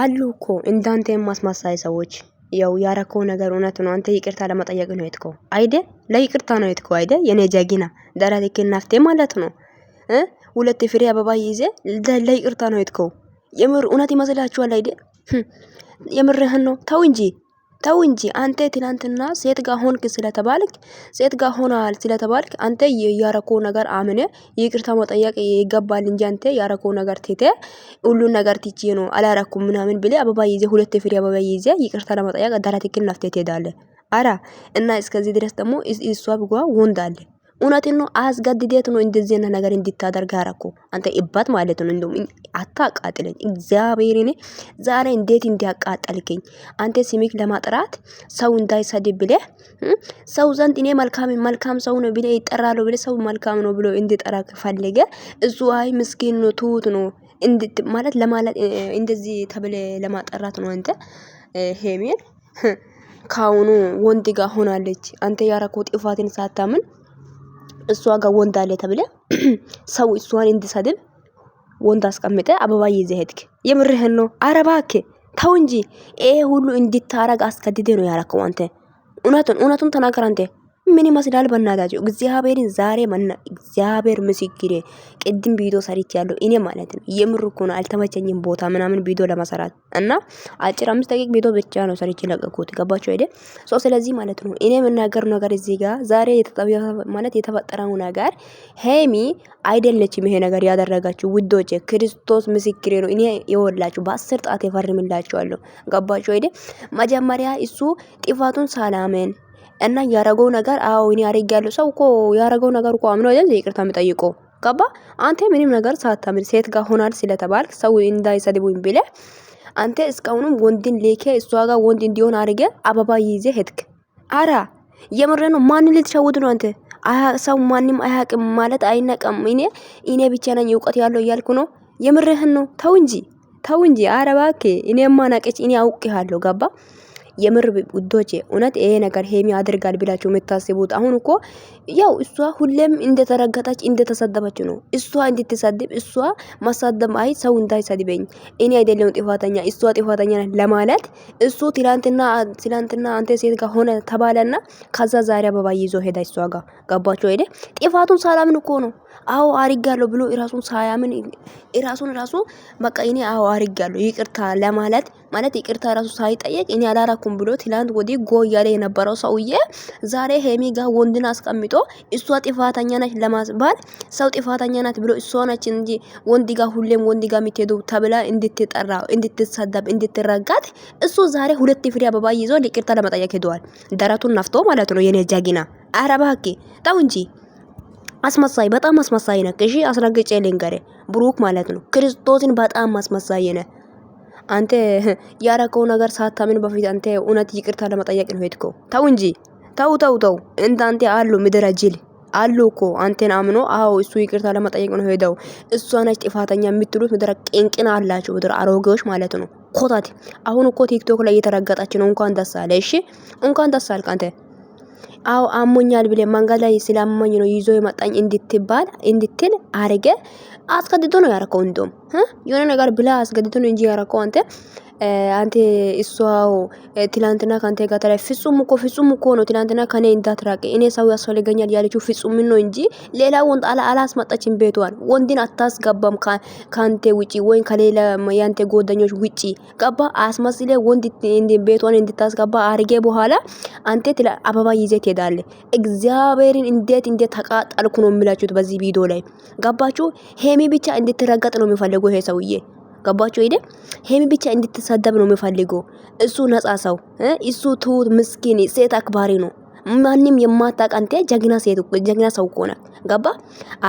አሉ እኮ እንዳንተ የማስመሳይ ሰዎች ያው ያረከው ነገር እውነት ነው። አንተ ይቅርታ ለመጠየቅ ነው የትከው አይደ ለይቅርታ ነው የትከው አይደ የኔ ጀግና ደረቴክ ናፍቴ ማለት ነው። ሁለት ፍሬ አበባ ይዘ ለይቅርታ ነው የትከው። የምር እውነት ይመስላችኋል አይደ? የምርህን ነው። ተው እንጂ ተው እንጂ አንተ ትላንትና ሴት ጋር ሆንክ ስለተባልክ ሴት ጋር ሆናል ስለተባልክ አንተ ያረኮ ነገር አምነ ይቅርታ መጠየቅ ይገባል እንጂ አንተ ያረኮ ነገር ትተ ሁሉ ነገር ትቼ ነው አላረኩም ምናምን ብለ አበባ ይዘ ሁለት ፍሬ አበባ ይዘ ይቅርታ ለመጠየቅ አዳራትክን ናፍቴ ትሄዳለ። አራ እና እስከዚህ ድረስ ደግሞ እሷ ብጓ ወንድ አለ እውነት ነው አስገድዴት ነው እንደዚህ አይነት ነገር እንድታደርግ አረኩ። አንተ እባት ማለት ነው። እንደውም አታቃጥለኝ እግዚአብሔር። እኔ ዛሬ እንዴት እንዲያቃጠልከኝ አንተ ስሚክ ለማጥራት ሰው እንዳይሰድ ብለ ሰው ዘንድ እኔ መልካም መልካም ሰው ነው ብለ ይጠራለሁ ብለ ሰው መልካም ነው ብሎ እንዲጠራ ከፈለገ እሱ አይ ምስኪን ነው ትሁት ነው እንድት ማለት ለማለት እንደዚህ ተብለ ለማጠራት ነው። አንተ ሄሜን ካሁኑ ወንድ ጋር ሆናለች። አንተ ያረኩት ጥፋትን ሳታምን እሷ ጋር ወንድ አለ ተብለ ሰው እሷን እንድሰድብ ወንድ አስቀምጠ አበባ ይዘህ ሄድክ። የምርህን ነው? አረ እባክህ ተው እንጂ። ይሄ ሁሉ እንድታረግ አስገድደ ነው ያረከው አንተ። እውነቱን እውነቱን ተናገር አንተ። ምን ይመስላል? በእናታቸው እግዚአብሔርን ዛሬ መና እግዚአብሔር ምስክሬ፣ ቅድም ቪዲዮ ሰሪት ያለው እኔ ማለት ነው። የምር እኮ ነው አልተመቸኝም ቦታ ምናምን ቪዲዮ ለመሰራት እና አጭር አምስት ደቂቅ ቪዲዮ ብቻ ነው ሰሪች ለቀቁት። ገባቸው አይደል? ሶ ስለዚህ ማለት ነው እኔ የምናገር ነገር እዚህ ጋር ዛሬ ማለት የተፈጠረው ነገር ሄሚ አይደለችም። ይሄ ነገር ያደረጋችሁ ውዶች ክርስቶስ ምስክሬ ነው። እኔ የወላችሁ በአስር ጣት የፈርምላችኋለሁ። ገባቸው አይደል? መጀመሪያ እሱ ጥፋቱን ሰላምን እና ያረገው ነገር አዎ እኔ አረግ ያለው ሰው እኮ ያረገው ነገር እኮ አምኖ አይደል ይቅርታ የሚጠይቆ ገባ። አንተ ምንም ነገር ሳታምን ሴት ጋር ሆናል ስለተባልክ ሰው እንዳይሰድቡኝ ብለ አንተ እስካሁንም ወንድን ሌከ እሷ ጋር ወንድ እንዲሆን አድርገ አበባ ይዘ ሄድክ። አራ የምር ነው። ማን ልትሸውድ ነው አንተ? ሰው ማንም አያቅም ማለት አይነቀም። እኔ እኔ ብቻ ነኝ እውቀት ያለው እያልኩ ነው። የምርህን ነው። ተው እንጂ ተው እንጂ። አረ እባክህ እኔ ማናቀች እኔ አውቅሃለሁ። ገባ የምር ውዶቼ እውነት ይሄ ነገር ሄሚ አድርጋል ብላችሁ የምታስቡት አሁን እኮ ያው እሷ ሁሌም እንደተረገጠች እንደተሰደበች ነው። እሷ እንድትሰድብ እሷ ማሳደብ አይ ሰው እንዳይሰድበኝ እኔ አይደለም ጥፋተኛ እሷ ጥፋተኛ ለማለት እሱ ትላንትና ትላንትና አንተ ሴት ጋር ሆነ ተባለና ከዛ ዛሬ አበባ ይዞ ሄዳ እሷ ጋር ገባቸው ሄደ ጥፋቱን ሳላምን እኮ ነው አዎ አርጋለሁ ብሎ ራሱን ሳያምን ራሱን ራሱ በቃ እኔ አዎ አርጋለሁ ይቅርታ ለማለት ማለት ይቅርታ ራሱ ሳይጠየቅ እኔ አላራኩም ብሎ ትላንት ወዲህ ጎ እያለ የነበረው ሰውዬ ዛሬ ሄሚ ጋር ወንድን አስቀምጦ እሷ ጥፋተኛ ናት ለማስባል ሰው ጥፋተኛ ናት ብሎ እሷ ናች እንጂ ወንድ ጋር ሁሌም ወንድ ጋር የምትሄዱ ተብላ እንድትጠራ፣ እንድትሰደብ፣ እንድትረጋት እሱ ዛሬ ሁለት ፍሬ አበባ ይዞ ይቅርታ ለመጠየቅ ሄደዋል። ደረቱን ነፍቶ ማለት ነው። የኔ ጃጊና አረባኪ ተው እንጂ አስመሳይ፣ በጣም አስመሳይ ነህ። እሺ አስረግጬ ልንገርህ ብሩክ ማለት ነው ክርስቶስን በጣም አስመሳይ ነህ። አንተ ያረከው ነገር ሳታምን በፊት አንተ እውነት ይቅርታ ለመጠየቅ ነው ሄድከው። ተው እንጂ ተው ተው ተው። አንተ አሉ ምድረ ጅል አሉ እኮ አንተን አምኖ አዎ እሱ ይቅርታ ለመጠየቅ ነው ሄደው። እሷ ነች ጥፋተኛ የምትሉት ምድረ ቅንቅን አላችሁ፣ ምድረ አሮጌዎች ማለት ነው ኮታት። አሁን እኮ ቲክቶክ ላይ እየተረገጣች ነው። እንኳን ደስ አለ። እሺ እንኳን ደስ አልክ አንተ አው አሞኛል ብለ መንገድ ላይ ስላመኝ ነው ይዞ የመጣኝ እንድትባል እንድትል አረገ። አስገድቶ ነው ያረከው። እንደውም የሆነ ነገር ብላ አስገድዶ ነው እንጂ ያረከው አንተ አንተ እሷው ትላንትና ካንተ ጋር ተላይ ፍጹም እኮ ፍጹም እኮ ነው። ትላንትና ከኔ እንዳትራቀ እኔ ሰው ያስፈልገኛል ያለችው ፍጹም ነው እንጂ ሌላ ወንድ አላ አላስመጣችም። ቤቷን ወንድን አታስገባም ካንተ ውጪ ወይም ከሌላ ያንተ ጎደኞች ውጪ ገባ አስመስለ ወንድ ቤቷን እንድታስገባ አርጌ በኋላ አንተ ትላ አበባ ይዘት ሄዳለ። እግዚአብሔርን እንዴት እንዴት ተቃጠልኩ ነው የሚላችሁት በዚህ ቪዲዮ ላይ ገባችሁ። ሄሚ ብቻ እንድትረገጥ ነው የሚፈልገው ይሄ ሰውዬ። ገባችሁ አይደል? ሄሚ ብቻ እንድትሳደብ ነው የሚፈልገው። እሱ ነጻ ሰው፣ እሱ ትሁት ምስኪን ሴት አክባሪ ነው። ማንም የማታውቅ አንተ ጀግና ሴት ጀግና ሰው ሆነ ገባ።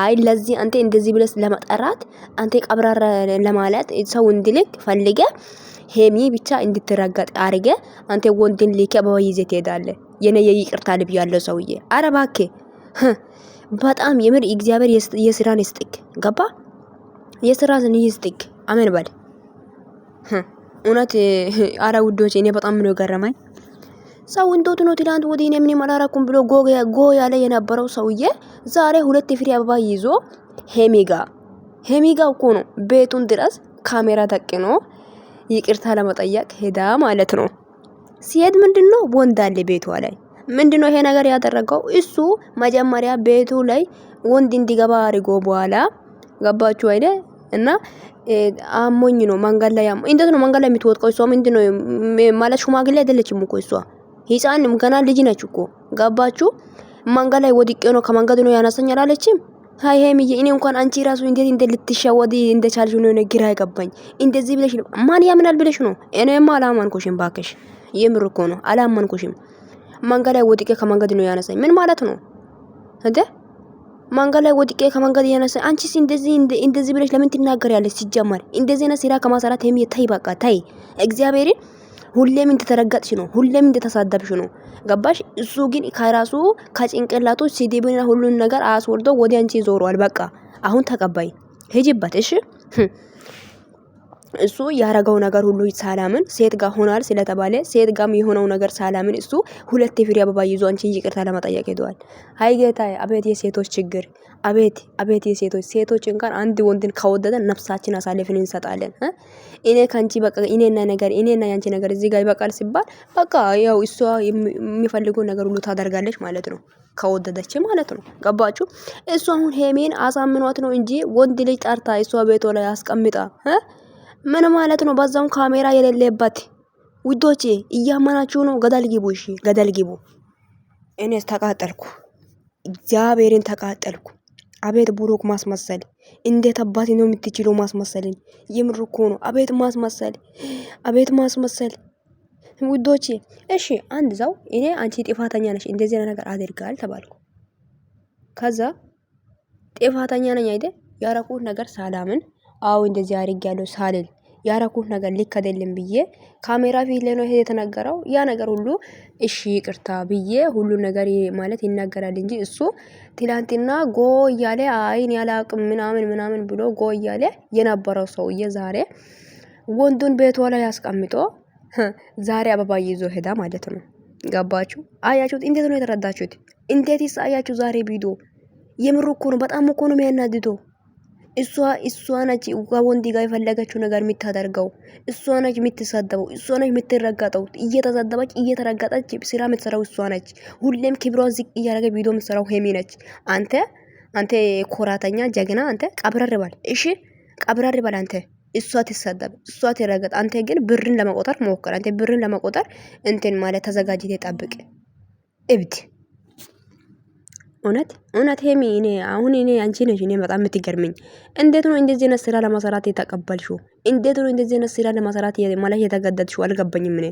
አይ ለዚህ አንተ እንደዚህ ብለስ ለመጠራት አንተ ቀብራር ለማለት ሰው እንድልክ ፈልገ ሄሚ ብቻ እንድትረገጥ አርገ አንተ ወንድን ልከ በወይዘ ትሄዳለ። የኔ የይቅርታ ልብ ያለው ሰውዬ አረባኬ በጣም የምር እግዚአብሔር የስራን ይስጥክ ገባ። የስራን ይስጥክ አሜን በል። እውነት አረ ውዶች፣ እኔ በጣም ነው ገረመኝ። ሰው እንዶት ነው ትላንት ወዲ እኔ ምንም አላረኩም ብሎ ጎ ያለ የነበረው ሰውዬ ዛሬ ሁለት ፍሬ አበባ ይዞ ሄሚጋ ሄሚጋ እኮ ነው ቤቱን ድረስ ካሜራ ተቅኖ ይቅርታ ለመጠየቅ ሄዳ ማለት ነው። ሲሄድ ምንድነው አለ ቤቷ ላይ ምንድነው ይሄ ነገር ያደረገው? እሱ መጀመሪያ ቤቱ ላይ ወንድ እንዲገባ አድርጎ በኋላ ገባችሁ አይደ እና አሞኝ ነው መንገድ ላይ አሞኝ። እንዴት ነው መንገድ ላይ የምትወድቀው? እሷ ምንድን ነው ማለት ሽማግሌ አይደለችም እኮ እሷ ህፃን ገና ልጅ ነች እኮ ገባችሁ? መንገድ ላይ ወድቄ ነው ከመንገድ ነው ያነሳኝ አላለችም። ሀይ ሀይሚዬ፣ እኔ እንኳን አንቺ ራሱ እንዴት እንደ እንደልትሸወድ እንደቻልሽ ነው ግራ አይገባኝ። እንደዚህ ብለሽ ማን ያምናል ብለሽ ነው? እኔማ አላማንኮሽም ባክሽ፣ የምር እኮ ነው አላማንኮሽም። መንገድ ላይ ወድቄ ከመንገድ ነው ያነሳኝ ምን ማለት ነው እንዴ? መንገድ ላይ ወድቄ ከመንገድ እያነሳ አንቺስ እንደዚህ እንደዚህ ብለሽ ለምን ትናገሪያለሽ? ሲጀመር እንደዚህ አይነት ስራ ከማሰራት ሄሚ ታይ፣ በቃ ታይ። እግዚአብሔርን ሁሌም እንደተረገጥሽ ነው፣ ሁሌም እንደተሳደብሽ ነው። ገባሽ? እሱ ግን ከራሱ ከጭንቅላቱ ሲዲብና ሁሉን ነገር አስወርዶ ወደ አንቺ ዞሯል። በቃ አሁን ተቀባይ ሂጂበት፣ እሺ እሱ ያረገው ነገር ሁሉ ሳላምን ሴት ጋር ሆኗል ስለተባለ ሴት ጋም የሆነው ነገር ሳላምን እሱ ሁለት ፍሬ አበባ ይዞ አንቺን ይቅርታ ለመጠየቅ ሄደዋል። አይ ጌታ፣ አቤት የሴቶች ችግር! አቤት አቤት የሴቶች ሴቶች እንኳን አንድ ወንድን ከወደደ ነፍሳችን አሳልፈን እንሰጣለን። እኔ ካንቺ በቃ እኔና ነገር እኔና ያንቺ ነገር እዚህ ጋር ይበቃል ሲባል በቃ ያው እሷ የሚፈልገው ነገር ሁሉ ታደርጋለች ማለት ነው። ከወደደች ማለት ነው። ገባችሁ? እሱ አሁን ሄሜን አሳምኗት ነው እንጂ ወንድ ልጅ ጠርታ እሷ ቤቷ ላይ አስቀምጣ ምን ማለት ነው? በዛውም ካሜራ የሌለበት ውዶቼ፣ እያመናችሁ ነው። ገደል ግቡ፣ እሺ፣ ገደል ግቡ። እኔስ ተቃጠልኩ፣ እግዚአብሔርን ተቃጠልኩ። አቤት ቡሩክ ማስመሰል! እንዴት አባት ነው የምትችለው? ማስመሰልን? የምር እኮ ነው። አቤት ማስመሰል! አቤት ማስመሰል! ውዶቼ እሺ፣ አንድ ሰው እኔ አንቺ ጥፋተኛ ነሽ እንደዚህ አይነት ነገር አድርጋል ተባልኩ። ከዛ ጥፋተኛ ነኝ አይደ ያረኩት ነገር ሳላምን አዎ እንደዚህ ያለው ሳልል ያረኩት ነገር ልክ አይደለም ብዬ ካሜራ ፊት ላይ ነው ይሄ የተነገረው። ያ ነገር ሁሉ እሺ ይቅርታ ብዬ ሁሉ ነገር ማለት ይናገራል እንጂ እሱ ትላንትና ጎ እያለ አይን ያላቅም ምናምን ምናምን ብሎ ጎ እያለ የነበረው ሰውዬ ዛሬ ወንዱን ቤቷ ላይ አስቀምጦ ዛሬ አበባ ይዞ ሄዳ ማለት ነው። ገባችሁ? አያችሁት? እንዴት ነው የተረዳችሁት? እንዴት አያችሁ? ዛሬ ቪዲዮ የምር እኮ ነው። በጣም እኮ ነው የሚያናድደው። እሷ እሷ ነች ከወንድ ጋር የፈለገችው ነገር የምታደርገው። እሷ ነች የምትሳደበው። እሷ ነች የምትረገጠው። እየተሳደበች እየተረገጠች ስራ የምትሰራው እሷ ነች። ሁሌም ክብሯ ዝቅ እያደረገ ቪዲዮ የምትሰራው ሄሚ ነች። አንተ አንተ ኮራተኛ ጀግና፣ አንተ ቀብረር በል እሺ፣ ቀብረር በል አንተ። እሷ ትሳደብ፣ እሷ ትረገጥ፣ አንተ ግን ብርን ለመቆጠር ሞክር። አንተ ብርን ለመቆጠር እንትን ማለት ተዘጋጅ፣ ተጠብቅ እብድ እውነት እውነት ሄሚ እኔ አሁን እኔ አንቺ ነሽ እኔ በጣም የምትገርምኝ። እንዴት ነው እንደዚህ አይነት ስራ ለማሰራት የተቀበልሽው? እንዴት ነው እንደዚህ አይነት ስራ ለማሰራት ማለት የተገደድሹ? አልገባኝም እኔ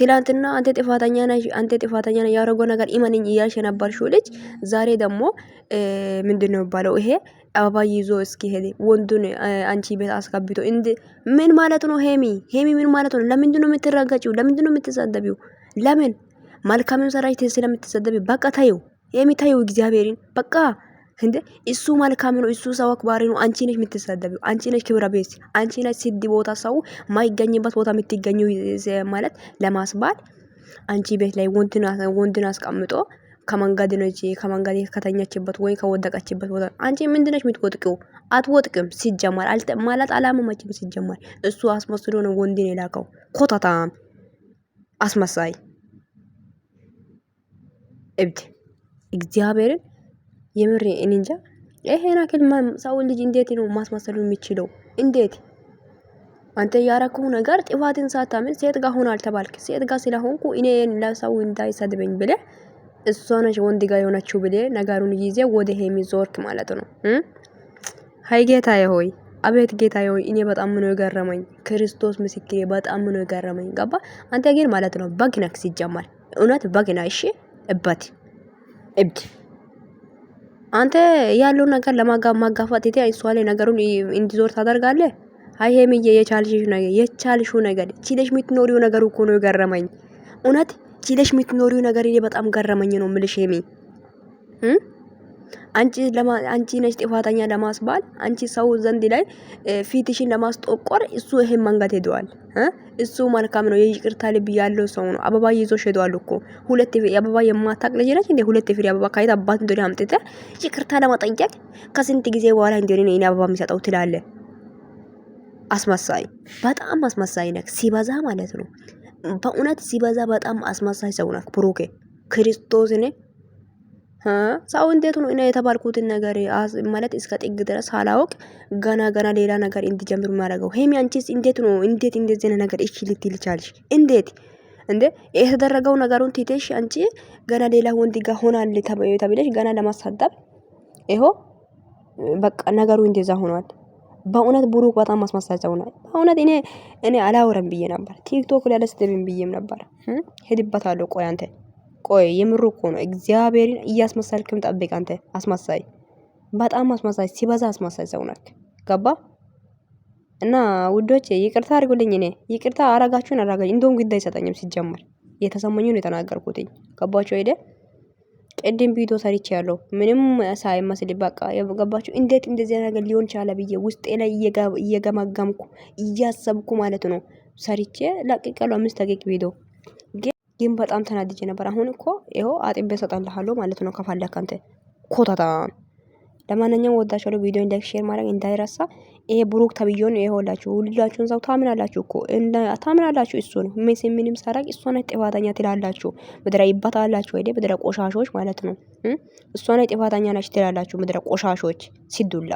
ትላንትና አንተ ጥፋተኛ ነሽ፣ አንተ ጥፋተኛ ነሽ ያረጎ ነገር ኢማንኝ እያልሽ የነበርሽው ልጅ ዛሬ ደግሞ ምንድን ነው የሚባለው ይሄ አበባ ይዞ እስኪ ሄደ ወንዱን አንቺ ቤት አስገብቶ እንድ ምን ማለት ነው? ሄሚ ሄሚ ምን ማለት ነው? ለምንድን ነው የምትረገጪው? ለምንድን ነው የምትሰደቢው? ለምን መልካምም ሰራሽ ስለምትሰደቢ በቃ ተይው። የሚታየው እግዚአብሔርን በቃ እንደ እሱ መልካም ነው። እሱ ሰው አክባሪ ነው። አንቺ ነሽ የምትሳደቢው፣ አንቺ ነሽ ክብረ ቤት፣ አንቺ ነሽ ስድ ቦታ ሰው ማይገኝበት ቦታ የምትገኙ ማለት ለማስባል አንቺ ቤት ላይ ወንድን አስቀምጦ ከመንገድ ነች ከመንገድ ከተኛችበት ወይ ከወደቀችበት ቦታ አንቺ ምንድነች የምትወጥቂው? አትወጥቅም። ሲጀመር ማለት አላመመችም። ሲጀመር እሱ አስመስሎ ነው ወንድን የላከው። ኮታታም አስመሳይ እብድ እግዚአብሔርን የምሬ እንንጃ እንጃ። ይሄን አክል ሰውን ልጅ እንዴት ነው ማስመሰሉ የሚችለው? እንዴት አንተ ያረከው ነገር ጥፋትን ሳታምን ሴት ጋር ሆናል ተባልክ። ሴት ጋር ስለሆንኩ እኔ ለሰው እንዳይሰድበኝ ብለ እሷ ነች ወንድ ጋር የሆነችው ብለ ነገሩን ይዜ ወደ ሄሚ ዞርክ ማለት ነው። ሀይ ጌታዬ ሆይ አቤት ጌታዬ ሆይ እኔ በጣም ነው የገረመኝ። ክርስቶስ ምስክሬ በጣም ነው የገረመኝ። ገባ አንተ ግን ማለት ነው በግ ነክ ሲጀመር እውነት በግ ና እሺ እበት እብድ አንተ ያለው ነገር ለማጋፋት ቴ እሷ ላይ ነገሩን እንዲዞር ታደርጋለ። አይ ሄምዬ የቻልሽው ነገር የቻልሽው ነገር ችለሽ የምትኖሪው ነገር እኮ ነው የገረመኝ። እውነት ችለሽ የምትኖሪው ነገር በጣም ገረመኝ ነው የምልሽ ሄሚ አንቺ ነሽ ጥፋተኛ ለማስባል አንቺ ሰው ዘንድ ላይ ፊትሽን ለማስጠቆር እሱ ይሄን መንገድ ሄደዋል። እሱ መልካም ነው። የይቅርታ ልብ ያለው ሰው ነው። አበባ ይዞ ሄደዋል እኮ ሁለት ፍሬ አበባ የማታቅ ልጅ ነች እንዴ? ሁለት ፍሬ አበባ ካየት አባት እንደሆነ አምጥተ ይቅርታ ለመጠየቅ ከስንት ጊዜ በኋላ እንደሆነ እኔ አበባ የሚሰጠው ትላለ። አስመሳይ፣ በጣም አስመሳይ ነክ ሲበዛ ማለት ነው። በእውነት ሲበዛ በጣም አስመሳይ ሰው ነክ ብሩኬ ክርስቶስን ሰው እንዴት ነው እኔ የተባልኩትን ነገር ማለት እስከ ጥግ ድረስ ሳላውቅ ገና ገና ሌላ ነገር እንዲጀምር ማረገው? ሄሚ አንቺስ እንዴት ነው እንዴት እንደዚህ አይነት ነገር እሺ ልትል ቻልሽ? እንዴት እንዴ የተደረገው ነገሩን ትተሽ አንቺ ገና ሌላ ወንድ ጋር ሆናል ተብለሽ ገና ለማሳደብ ይሆ በቃ ነገሩ እንደዛ ሆኗል። በእውነት ብሩክ በጣም ማስመሳጫ ሆኗል። በእውነት እኔ እኔ አላወረም ብዬ ነበር። ቲክቶክ ላይ አላስተምም ብዬም ነበር። ሄድበታለሁ ቆይ አንተ ቆይ የምሩ እኮ ነው። እግዚአብሔርን እያስመሰልክም ጠብቅ። አንተ አስመሳይ፣ በጣም አስመሳይ፣ ሲበዛ አስመሳይ ሰው ነክ። ገባ እና ውዶቼ ይቅርታ አድርጉልኝ። እኔ ይቅርታ አረጋችሁን አረጋ እንደውም ግድ አይሰጠኝም። ሲጀመር ነው የተናገርኩትኝ ገባችሁ ሄደ ቅድም ቪዲዮ ሰርቼ ያለው ምንም ሳይመስል በቃ የገባችሁ እንዴት እንደዚህ ነገር ሊሆን ቻለ ብዬ ውስጤ ላይ እየገመገምኩ እያሰብኩ ማለት ነው ሰርቼ ለቅቄ አምስት ደቂቃ ቪዲዮ ግን በጣም ተናድጄ ነበር። አሁን እኮ ይኸው አጥቤ እሰጥልሃለሁ ማለት ነው ከፈለክ አንተ ኮተታ። ለማንኛውም ወዳችኋለሁ። ቪዲዮን ላይክ፣ ሼር ማድረግ እንዳይረሳ። ይሄ ብሩክ ተብዬውን ይኸውላችሁ፣ ሁላችሁን ሰው ታምናላችሁ እኮ ታምናላችሁ። እሱን ሜስ ምንም ሳራቅ እሷ ነች ጥፋተኛ ትላላችሁ። ምድረ ይባታላችሁ ወይ ምድረ ቆሻሾች ማለት ነው። እሷ ነች ጥፋተኛ ናችሁ ትላላችሁ። ምድረ ቆሻሾች ሲዱላ